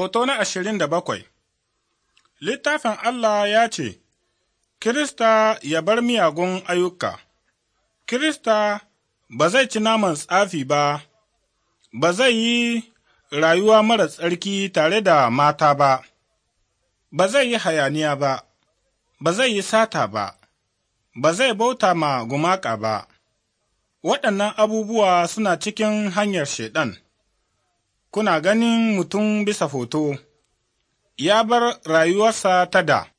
Hoto na ashirin da bakwai Littafin Allah ya ce, Kirista ya bar miyagun ayyuka, Kirista ba zai ci naman tsafi ba, ba zai yi rayuwa mara tsarki tare da mata ba, ba zai yi hayaniya ba, ba zai yi sata ba, ba zai bauta ma gumaka ba. Waɗannan abubuwa suna cikin hanyar Shaiɗan. kuna ganin mutum bisa hoto, ya bar rayuwarsa ta da,